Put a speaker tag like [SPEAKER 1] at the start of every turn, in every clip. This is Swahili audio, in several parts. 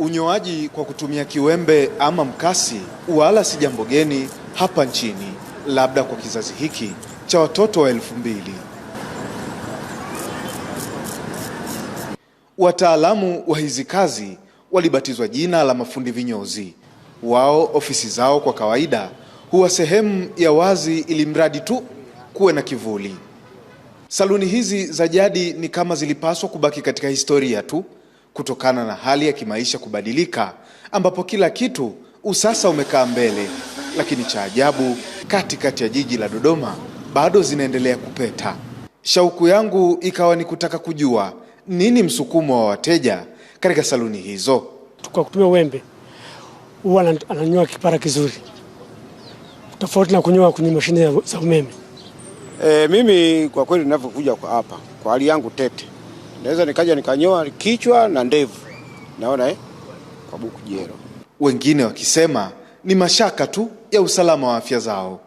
[SPEAKER 1] Unyoaji kwa kutumia kiwembe ama mkasi wala si jambo geni hapa nchini, labda kwa kizazi hiki cha watoto wa elfu mbili. Wataalamu wa hizi kazi walibatizwa jina la mafundi vinyozi. Wao ofisi zao kwa kawaida huwa sehemu ya wazi, ili mradi tu kuwe na kivuli. Saluni hizi za jadi ni kama zilipaswa kubaki katika historia tu kutokana na hali ya kimaisha kubadilika, ambapo kila kitu usasa umekaa mbele. Lakini cha ajabu, katikati ya jiji la Dodoma bado zinaendelea kupeta. Shauku yangu ikawa ni kutaka kujua nini msukumo wa wateja katika saluni hizo.
[SPEAKER 2] Kwa kutumia wembe huwa ananyoa kipara kizuri, tofauti na kunyoa kwenye mashine za umeme.
[SPEAKER 3] E, mimi kwa kweli ninavyokuja kwa hapa kwa hali yangu tete naweza nikaja nikanyoa kichwa na ndevu, naona eh, kwa buku
[SPEAKER 1] jero. Wengine wakisema ni mashaka tu ya usalama wa afya zao.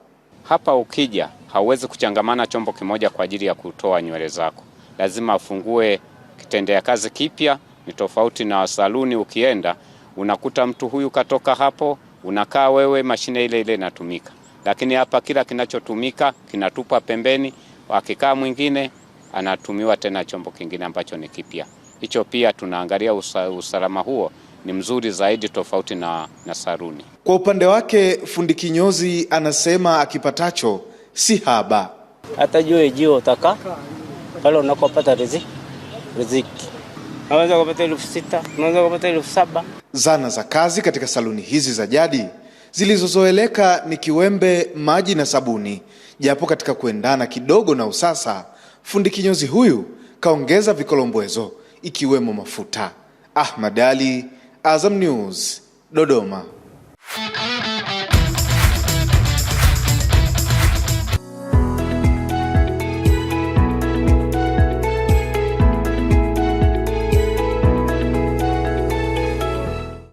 [SPEAKER 4] Hapa ukija hauwezi kuchangamana chombo kimoja kwa ajili ya kutoa nywele zako, lazima afungue kitendea kazi kipya. Ni tofauti na saluni, ukienda unakuta mtu huyu katoka hapo, unakaa wewe, mashine ile ile inatumika. Lakini hapa kila kinachotumika kinatupwa pembeni, akikaa mwingine anatumiwa tena chombo kingine ambacho ni kipya. Hicho pia tunaangalia usa, usalama huo ni mzuri zaidi tofauti na, na saruni.
[SPEAKER 1] Kwa upande wake fundi kinyozi anasema akipatacho si haba,
[SPEAKER 5] hata juu jio utaka pale unakopata riziki, riziki. Unaweza kupata elfu sita, unaweza kupata elfu saba.
[SPEAKER 1] Zana za kazi katika saluni hizi za jadi zilizozoeleka ni kiwembe, maji na sabuni, japo katika kuendana kidogo na usasa Fundi kinyozi huyu kaongeza vikolombwezo ikiwemo mafuta. Ahmad Ali, Azam News, Dodoma.